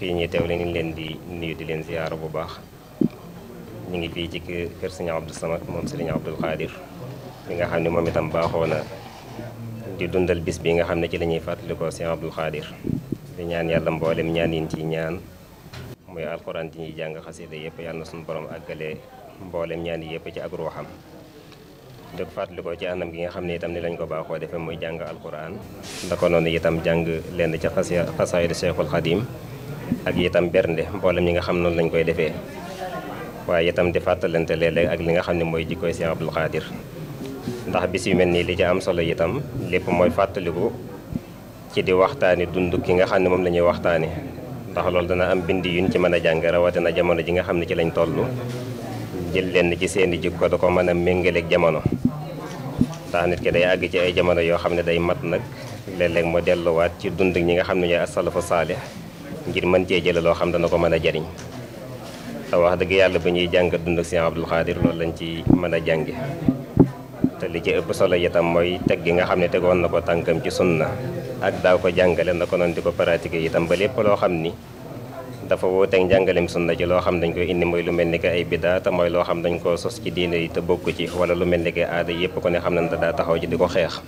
fii ñuy teewle ñu ngi leen di nuyu di leen ziyaara bu baax ñu ngi fii ci kër Sëriñ Abdou Samad moom Sëriñ Abdou Khadir bi nga xam ne moom itam baaxoo na di dundal bis bi nga xam ne ci la ñuy fàttalikoo Sëriñ Abdou Khadir di ñaan yàlla mboolem ñaan yin ci ñaan muy alxuraan ji ñuy jàng xasida yëpp yàlla na suñu borom àggale mboolem ñaan yi yëpp ci ak ruuxam di ko fàttalikoo ci anam gi nga xam ne itam ni lañ ko baaxoo defee muy jàng alxuraan nda ko noonu itam jàng lenn ca xasaayid Cheikhul Xadim ak yitam bernde mboolem ñi nga xam noonu lañu koy defee waaye itam di fàttalante léeg ak li nga xam ne mooy jikkooy Sëñ Abdul Xaadir ndax bis yu mel nii li ci am solo itam lépp mooy fàttaliku ci di waxtaani dund ki nga xam ne moom la ñuy waxtaani ndax loolu dana am bind yuñ ci mën a jàng rawatina jamono ji nga xam ne ci lañ toll jël leen ci seeni jikko da ko mën a méngaleek jamono ndax nit ki day àgg ci ay jamono yoo xam ne day mat nag léeg-léeg mu delluwaat ci dund ñi nga xam ne ñooy asalafu saalih ngir mën cee jële loo xam dana ko mën a jariñ te wax dëgg yàlla ba ñuy jàng dund ak Sëñ Abdul Xaadir loolu lañ ci mën a jànge te li ci ëpp solo itam mooy teg gi nga xam ne tegoon na ko tànkam ci sunna ak daaw ko jàngale na ko noonu di ko pratiquer itam ba lépp loo xam ni dafa wuuteeg njàngaleem sunna ci loo xam dañ ko indi mooy lu mel ni que ay biddaa te mooy loo xam dañ ko sos ci diine yi te bokk ci wala lu mel ni que aada yëpp ko ne xam nañ daa taxaw ci di ko xeex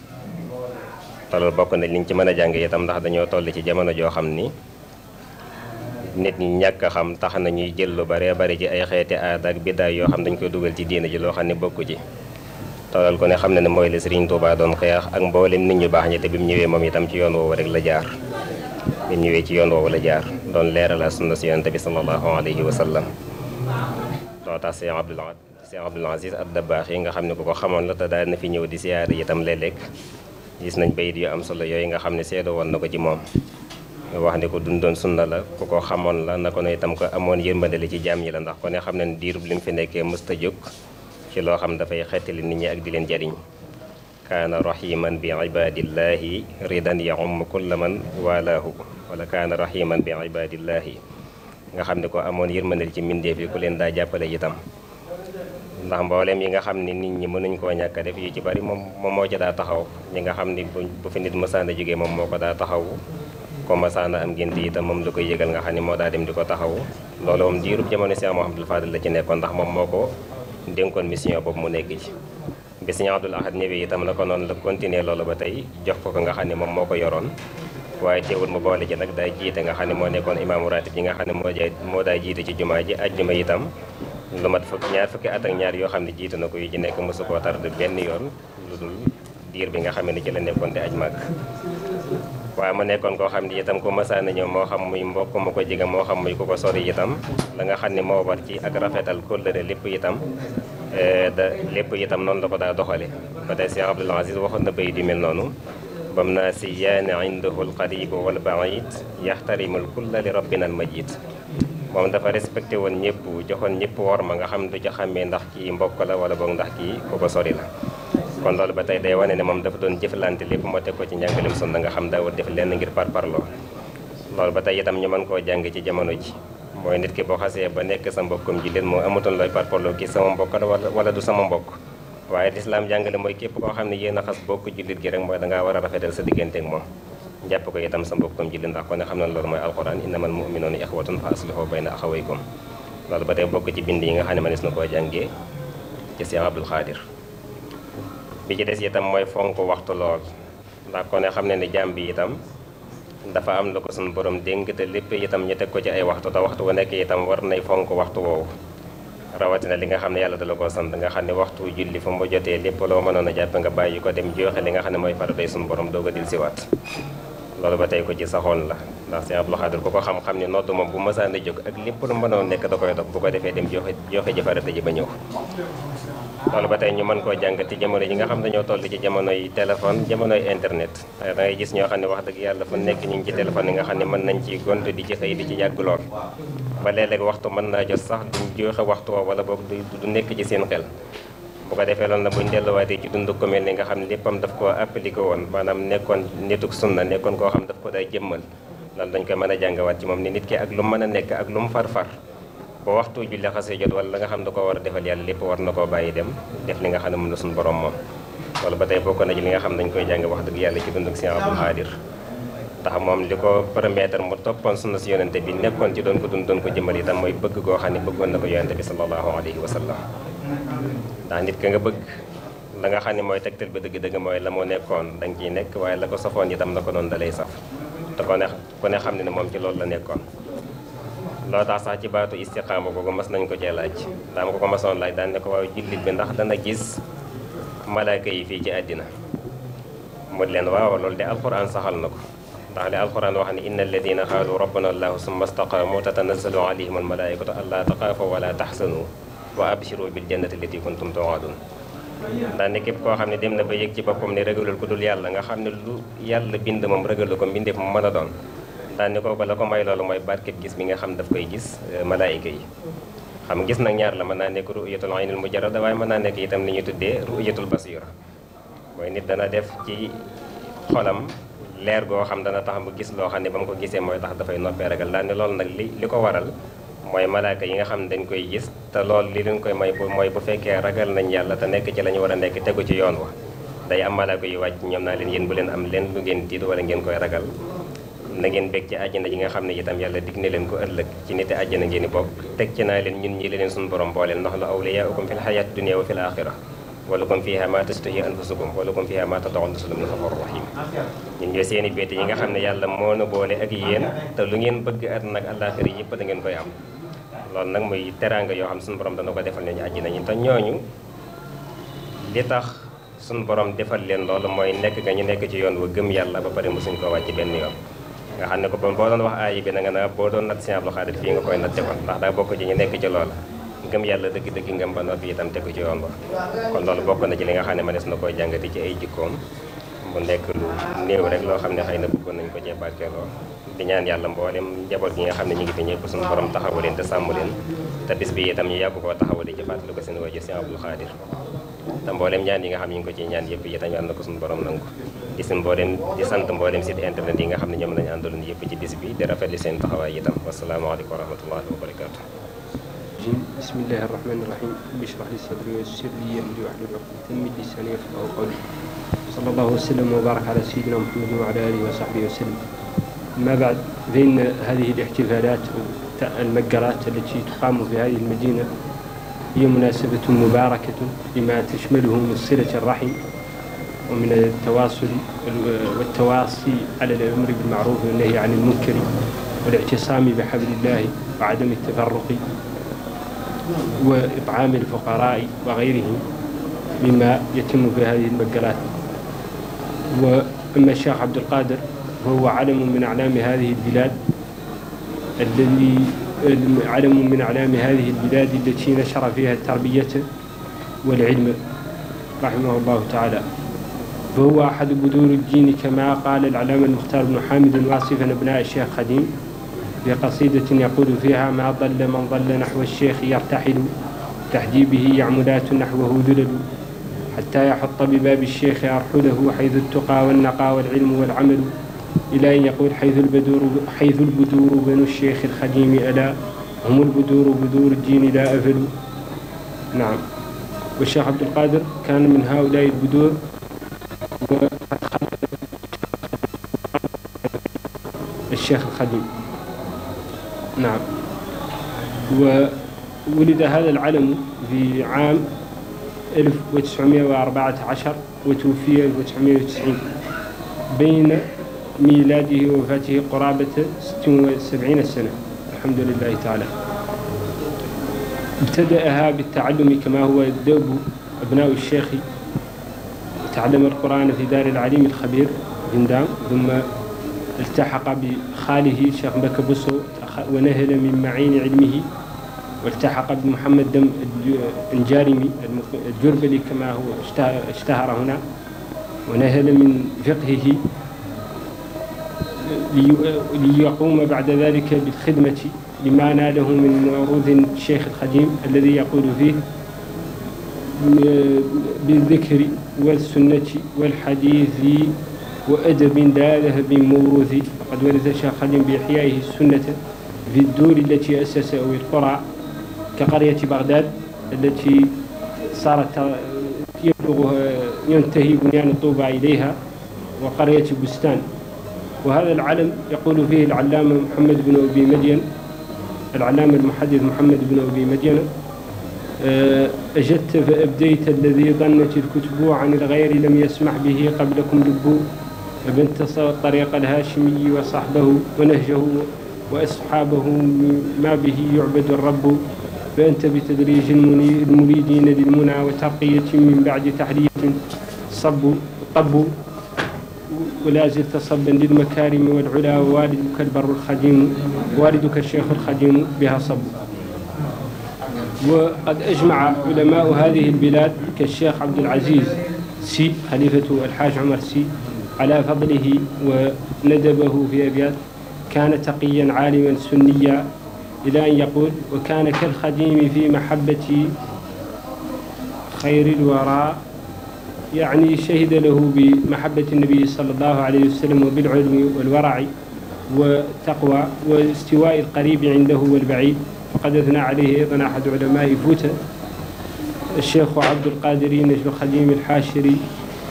te bokk na liñ ci mën a jàng itam ndax dañoo toll ci jamono joo xam ni nit ñi ñàkk xam tax na ñuy jël lu bare bari ci ay xeeti aada ak biddaay yoo xam dañ koy dugal ci diina ji loo xam ne bokku ci toolal ko ne xam ne ne mooy la Sëriñ Tuubaa doon xeex ak mboolem nit ñu baax ñi te bi mu ñëwee moom itam ci yoon woowu rek la jaar bi mu ñëwee ci yoon woowu jaar doon leerala sunna si yonent bi sallallahu alayhi wa sallam loo tax Sëriñ Abdul Sëriñ Abdul Aziz Ad-Dabbaax yi nga xam ne ku ko xamoon la te daal na fi ñëw di siyaare tam léeg-léeg gis nañ bayit yu am solo yooyu nga xam ne seedo woon na ko ci moom wax ne ko dundoon sunna la ku ko xamoon la na ko ne itam ko amoon yërmande li ci jaam ñi la ndax ko ne xam ne diirub li mu fi nekkee mësta jóg ci loo xam dafay xettali nit ñi ak di leen jariñ kaana rahiman bi ibadillahi ridan yaum kulla man walaahu wala kaana rahiman bi ibadillahi nga xam ne ko amoon yërmande li ci mbindeef leen daa jàppale itam ndax mbooleem yi nga xam ne nit ñi mënuñ koo ñàkk def yu ci bari moom moom moo ci daa taxaw ñi nga xam ni bu fi nit mësaana jógee moom moo ko daa taxaw ko masaana am gént itam moom la koy yëgal nga xam ne moo daa dem di ko taxaw loolu moom diirub jamono Cheikh Mouhamadou Fadel la ci nekkoon ndax moom moo ko dénkoon mission boobu mu nekk ci bi Serigne Abdoul Ahad ñëwee itam na ko noonu la continuer loolu ba tey jox ko ko nga xam ne moom moo ko yoroon waaye teewul mu boole ji nag day jiite nga xam ne moo nekkoon imaamu ratib yi nga xam ne moo jaay moo daay jiite ci jumaa ji ajjuma itam lu mat ñaar fukki at ak ñaar yoo xam ne jiite na ko yu ci nekk mosu koo tarde benn yoon lu dul diir la nekkoon di aj màgg waaye mu nekkoon koo xam ni itam ku mësaan a ñëw moo xam muy mbokk mu ko jege moo xam muy ku ko sori itam la nga xam ni moo war ci ak rafetal kóllëre lépp itam e, da lépp itam noonu la ko daa doxale ba tey Cheikh Abdoul Aziz waxoon na bay di mel noonu bam naa si yaane indahu alqaribu wal baid yaxtarimul kulla li rabbina al majid moom dafa respecté woon ñëpp joxoon ñëpp wor ma nga xam du ja xàmmee ndax kii mbokk la wala boog ndax kii ku ko sori la kon loolu ba tey day wane ne moom dafa doon jëflante lépp moo teg ko ci njàngaleem sunna nga xam daawul def lenn ngir parparloo loolu ba tey itam ñu koo jamono ji mooy nit ki boo xasee ba nekk sa mbokkum ji leen moo amatoon looy parparloo kii sama mbokk wala du sama mbokk waaye lislaam jàngale mooy képp koo xam ne yéen a xas bokk jullit gi rek mooy dangaa war a rafetal sa diggante ak moom jàpp ko itam sa mbokkum jullit ndax ko ne xam ne loolu mooy alquran innamal mu'minuuna ixwatun fa bind yi nga xam ne mënees na koo jàngee ci Cheikh Abdul Xaadir bi ci des itam mooy fonk waxtu lool ndax ko ne xam ne ni jàmm bi itam dafa am lu ko suñu borom dénk te lépp itam ñu teg ko ci ay waxtu te waxtu wu nekk itam war nay fonk waxtu woowu rawatina li nga xam ne yàlla dala ko sant nga xam ne waxtu julli fu mu jotee lépp loo mënoon a jàpp nga bàyyi ko dem joxe li nga xam ne mooy farata suñu borom doog a dil siwaat loolu ba tey ko ci saxoon la ndax sëñ Abdou Khadre ku ko xam-xam ne nodd moom bu mësaan a jóg ak lépp lu mënoon nekk da koy dog bu ko defee dem joxe joxe ji farata ji ba ñëw loolu ba tey ñu mën koo jàngati jamono yi nga xam dañoo toll ci jamono yi téléphone jamono internet gis ñoo xam ne wax dëgg yàlla fa nekk ñu ngi ci téléphone yi nga xam ne mën nañ ci gont di ci xëy di ci yàgg lool ba léeg-léeg waxtu mën naa jot sax duñ joxe waxtu woo wala boog du nekk ci seen xel bu ko defee loolu na bu ñu delluwaatee ci dund ko mel ni nga xam ne léppam daf koo appliqué woon maanaam nekkoon nituk sunna nekkoon koo xam daf ko day jëmmal loolu dañ koy mën a jàngawaat ci moom ni nit ki ak lu mu mën a nekk ak lu mu far-far ba waxtu julli xasee jot wala la nga xam ne da koo war a defal yàlla lépp war na koo bàyyi dem def li nga xam ne moom la suñu borom moom loolu ba tey bokk na ci li nga xam ne dañ koy jàng wax dëgg yàlla ci dund ak Sëriñ Abdul Xaadir ndax moom li ko permettre mu toppoon sunna si yonente bi nekkoon ci doon ko dund doon ko jëmmal itam mooy bëgg koo xam ne bëggoon na ko yonente bi sallallahu ndax nit ka nga bëgg la nga xam ne mooy tegtal ba dëgg-dëgg mooy la moo nekkoon da nga ciy nekk waaye la ko safoon itam la ko doon dalay saf te ko ne ku ne xam ne ne moom ci loolu la nekkoon loo tax sax ci baatu ko googu mas nañ ko cee laaj daa ma ko ko masoon laaj daan ne ko waaw jullit bi ndax dana gis malaaka yi fii ci àddina mu leen waaw loolu de alquran saxal na ko ndax li alquran wax ne inna alladina qaalu rabbana allahu summa istaqaamu tatanazzalu alayhim almalaikatu allaa taqaafu wala taxsanu wa abshiru bil jannati allati kuntum tu'adun ndax ne képp koo xam ne dem na ba yëg ci boppam ne ragalul ku dul yàlla nga xam ne lu yàlla bind moom ragalu ko mbindeef mu mën a doon ndax ne kooku la ko may loolu mooy barket gis bi nga xam daf koy gis euh, malaayika yi xam gis nag ñaar la mën naa nekk ru'yatul aynil mujarrada waaye mën naa nekk itam li ñu tuddee ru'yatul basira mooy nit dana def ci xolam leer goo xam dana tax mu gis loo xam ne ba mu ko gisee mooy tax dafay noppee ragal daal ne nag li li ko waral mooy malaaka yi nga xam ne dañ koy gis te lool li leen koy may mooy bu fekkee ragal nañ yàlla te nekk ci la ñu war a nekk tegu ci yoon wa day am malaaka yu wàcc ñoom naa leen yéen bu leen am leen lu ngeen tiit wala ngeen koy ragal na ngeen bég ci àjjana yi nga xam ne itam yàlla dig na leen ko ëllëg ci nite àjjana ngeen i bokk teg ci naa leen ñun ñi la leen borom booleen ndox lu awliyaa'ukum fil hayaati dunya wa fil aaxira walakum fiha ma tastahi anfusukum walakum fiha ma tad'un nasalum na xafor rahim seeni béyte yi nga xam ne yàlla moo nu boole ak yéen te lu ngeen bëgg at nag àllaaxira yëpp da ngeen koy am loolu nag muy teraanga yoo xam suñu borom dana ko defal ñooñu àjjana ñi te ñooñu li tax suñu borom defal leen loolu mooy nekk nga ñu nekk ci yoon wa gëm yàlla ba pare mosuñ koo wàcc benn yoon nga xam ne ko boo doon wax aay bi na nga na boo doon nat Sëñ Abdou Khadre fii nga koy natte kon ndax daa bokk ci ñu nekk ci loola ngëm yàlla dëgg-dëgg ngëm ba noppi itam tegu ci yoon ba kon loolu bokk na ci li nga xam ne mënees na koo jàngati ci ay jikkoom mu nekk lu néew rek loo xam ne xëy na bëggoon nañ ko cee barkeeloo di ñaan yàlla mboolem njaboot yi nga xam ne ñu ngi fi ñëpp suñu borom taxawu leen te sàmm leen te bis bi itam ñu yàgg koo taxawu di ci fàttali nga xam ñu ngi ko ñaan yëpp itam yàlla na ko suñu borom nangu di si mboolem di sant mboolem site internet yi nga xam ne ñoom lañu àndaloon yëpp ci bis bi di rafetli seen taxawaay itam wasalaamaaleykum wa rahmatullahi wa barakatu bismillahi rahmani rahim bishrah li sadri wa yassir sallallahu وسلم وبارك على سيدنا محمد وعلى آله وصحبه وسلم أما بعد فإن هذه الاحتفالات المقرات التي تقام في هذه المدينة هي مناسبة مباركة لما تشمله من صلة الرحم ومن التواصل والتواصي على الأمر بالمعروف والنهي عن المنكر والاعتصام بحبل الله وعدم التفرق وإطعام الفقراء وغيرهم مما يتم في هذه المقالات وأما الشيخ عبد القادر فهو علم من أعلام هذه البلاد الذي علم من أعلام هذه البلاد التي نشر فيها التربية والعلم رحمه الله تعالى فهو أحد بذور الدين كما قال العلامة المختار بن حامد واصفا أبناء الشيخ قديم بقصيدة يقول فيها ما ضل من ضل نحو الشيخ يرتحل تحجيبه يعملات نحوه ذلل حتى يحط بباب الشيخ أرحله حيث التقى والنقى والعلم والعمل إلى أن يقول حيث البدور حيث البدور بنو الشيخ الخديم ألا هم البدور بدور الدين لا أفلوا نعم والشيخ عبد القادر كان من هؤلاء البدور الشيخ الخديم نعم وولد هذا العلم في عام 1914 وتوفي 1990 بين ميلاده ووفاته قرابة 70 سنة الحمد لله تعالى ابتدأها بالتعلم كما هو يدب أبناء الشيخ تعلم القرآن في دار العليم الخبير بندام ثم التحق بخاله الشيخ بكبسو ونهل من معين علمه والتحق بمحمد دم الجارمي الجربلي كما هو اشتهر هنا ونهل من فقهه ليقوم بعد ذلك بالخدمة لما ناله من معروض الشيخ القديم الذي يقول فيه بالذكر والسنة والحديث وأدب لا ذهب موروث وقد ورث الشيخ القديم بإحيائه السنة في الدور التي أسس أو القرى كقرية بغداد التي صارت يبلغ ينتهي بنيان الطوبة إليها وقرية بستان وهذا العلم يقول فيه العلامة محمد بن أبي مدين العلامة المحدث محمد بن أبي مدين أجدت فأبديت الذي ظنت الكتب عن الغير لم يسمح به قبلكم لب فبنت طريق الهاشمي وصحبه ونهجه وأصحابه ما به يعبد الرب فأنت بتدريج المريدين للمنى وترقية من بعد تحلية صب طب ولا زلت صبا للمكارم والعلا ووالدك البر الخديم والدك الشيخ الخديم بها صب وقد أجمع علماء هذه البلاد كالشيخ عبد العزيز سي خليفة الحاج عمر سي على فضله وندبه في أبيات كان تقيا عالما سنيا إلى أن يقول وكان كالخديم في محبة خير الوراء يعني شهد له بمحبة النبي صلى الله عليه وسلم وبالعلم والورع وتقوى واستواء القريب عنده والبعيد فقد أثنى عليه أيضا أحد علماء فوتا الشيخ عبد القادر نجم الخديم الحاشري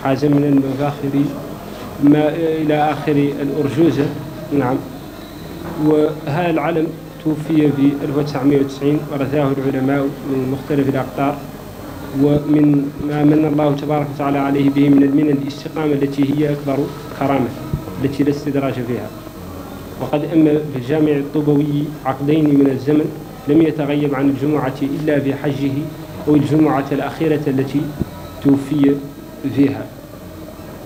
حازم المفاخري ما إلى آخر الأرجوزة نعم وهذا العلم توفي في 1990 ورثاه العلماء من مختلف الأقطار ومن ما من الله تبارك وتعالى عليه به من المنن الاستقامة التي هي أكبر كرامة التي لا استدراج فيها وقد أم في الجامع الطبوي عقدين من الزمن لم يتغيب عن الجمعة إلا في حجه أو الجمعة الأخيرة التي توفي فيها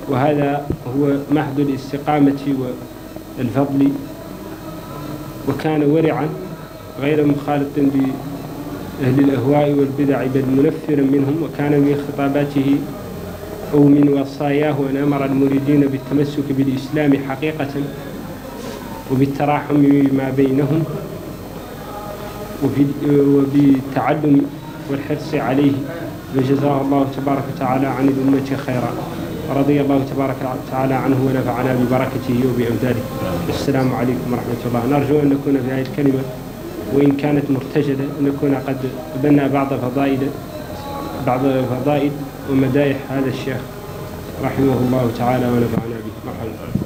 وهذا هو محض الاستقامة والفضل وكان ورعا غير مخالط بأهل الأهواء والبدع بل منفرا منهم وكان من خطاباته أو من وصاياه أن أمر المريدين بالتمسك بالإسلام حقيقة وبالتراحم ما بينهم وبالتعلم والحرص عليه وجزاه الله تبارك وتعالى عن الأمة خيرا رضي الله تبارك تعالى عنه ونفعنا ببركته وبأمداده السلام عليكم ورحمة الله نرجو أن نكون في هذه الكلمة وإن كانت مرتجلة نكون قد بنى بعض فضائل بعض فضائل ومدائح هذا الشيخ رحمه الله تعالى ونفعنا به مرحبا